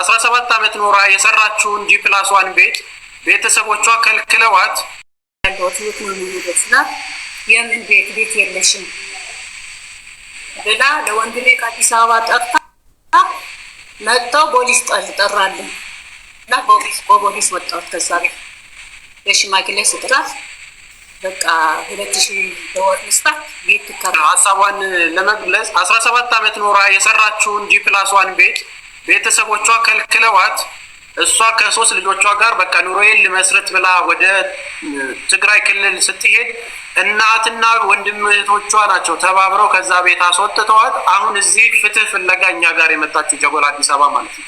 አስራ ሰባት ዓመት ኖራ የሰራችውን ጂ ፕላስ ዋን ቤት ቤተሰቦቿ ከልክለዋት ያለሁት ቤት ነው የሚሄደች የምን ቤት ቤት የለሽም ብላ ለወንድሜ ከአዲስ አበባ ጠርታ መጥተው ፖሊስ ጠራለን እና ፖሊስ በፖሊስ ወጣሁት ከዛ ቤት የሽማግሌ ስጥራት በቃ ሁለት ሺ በወር ምስታት ቤት ትከራ ሀሳቧን ለመግለጽ አስራ ሰባት ዓመት ኖራ የሰራችውን ጂ ፕላስ ዋን ቤት ቤተሰቦቿ ከልክለዋት እሷ ከሶስት ልጆቿ ጋር በቃ ኑሮዬን ልመስረት ብላ ወደ ትግራይ ክልል ስትሄድ እናትና ወንድም እህቶቿ ናቸው ተባብረው ከዛ ቤት አስወጥተዋት አሁን እዚህ ፍትህ ፍለጋ እኛ ጋር የመጣችው ጀጎል አዲስ አበባ ማለት ነው።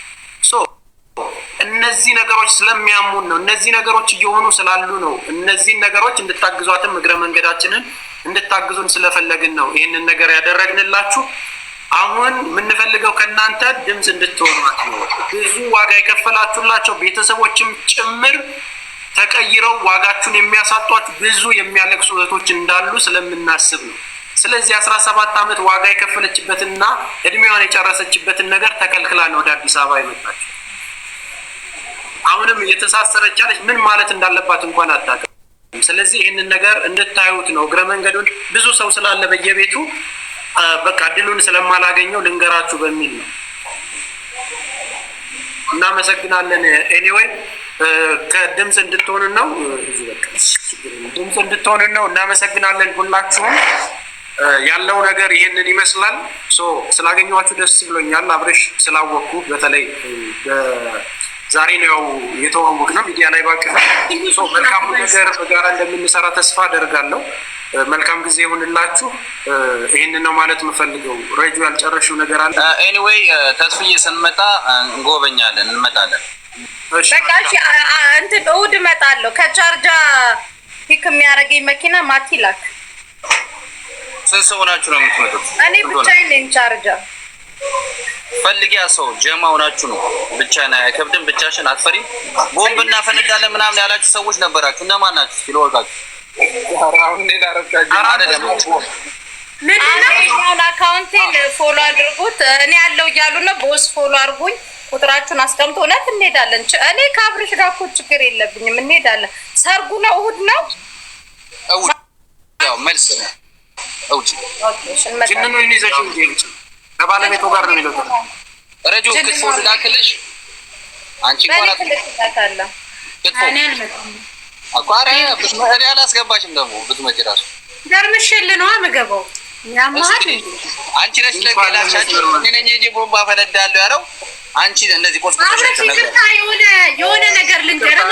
እነዚህ ነገሮች ስለሚያሙን ነው። እነዚህ ነገሮች እየሆኑ ስላሉ ነው። እነዚህን ነገሮች እንድታግዟትም እግረ መንገዳችንን እንድታግዙን ስለፈለግን ነው ይህንን ነገር ያደረግንላችሁ። አሁን የምንፈልገው ከእናንተ ድምፅ እንድትሆኗት ነው። ብዙ ዋጋ የከፈላችሁላቸው ቤተሰቦችም ጭምር ተቀይረው ዋጋችሁን የሚያሳጧችሁ ብዙ የሚያለቅሱ እህቶች እንዳሉ ስለምናስብ ነው። ስለዚህ አስራ ሰባት ዓመት ዋጋ የከፈለችበትና እድሜዋን የጨረሰችበትን ነገር ተከልክላ ነው ወደ አዲስ አበባ የመጣችው። አሁንም እየተሳሰረች ያለች ምን ማለት እንዳለባት እንኳን አታውቅም። ስለዚህ ይህንን ነገር እንድታዩት ነው። እግረ መንገዱን ብዙ ሰው ስላለ በየቤቱ በቃ እድሉን ስለማላገኘው ልንገራችሁ በሚል ነው። እናመሰግናለን። ኤኒዌይ ከድምፅ እንድትሆን ነው ድምፅ እንድትሆን ነው። እናመሰግናለን ሁላችሁም። ያለው ነገር ይሄንን ይመስላል። ሶ ስላገኘኋችሁ ደስ ብሎኛል። አብረሽ ስላወቅኩ በተለይ ዛሬ ነው ያው የተዋወቅ ነው ሚዲያ ላይ ባቅ መልካሙ ነገር በጋራ እንደምንሰራ ተስፋ አደርጋለሁ። መልካም ጊዜ ይሁንላችሁ። ይህን ነው ማለት የምፈልገው። ረጁ ያልጨረሽው ነገር አለ? ኤኒዌይ ተስፍዬ ስንመጣ እንጎበኛለን፣ እንመጣለን። በቃ እንትን እሑድ እመጣለሁ። ከቻርጃ ፒክ የሚያደርገኝ መኪና ማቲ ላክ። ስንት ሰው ሆናችሁ ነው የምትመጡት? እኔ ብቻዬን ነኝ። ቻርጃ ፈልጊያ ሰው ጀማ ሆናችሁ ነው ብቻ ና ከብድን ብቻሽን አትፈሪም? ቦምብ እናፈነዳለን ምናምን ያላችሁ ሰዎች ነበራችሁ። እነማን ናችሁ ሲለወቃችሁ ምንድነውን አካውንቴን ፎሎ አድርጉት። እኔ ያለው እያሉ ነው። በውስጥ ፎሎ አድርጉኝ፣ ቁጥራችሁን አስቀምጦ እውነት እንሄዳለን። እኔ ከአብርሽ ጋር እኮ ችግር የለብኝም። እንሄዳለን። ሰርጉ ነው እሑድ ነው መልስ ነው። ረጁ ክትፎ ልላክልሽ አንቺ አቋሪ ብትመሪ አላስገባሽም። ደግሞ ብትመጪ ራሱ ገርምሽል ያማል። አንቺ ነሽ ለገላሻቸው ነኝ እንጂ ቦምባ ፈነዳለሁ ያለው አንቺ እንደዚህ የሆነ ነገር ልንገርም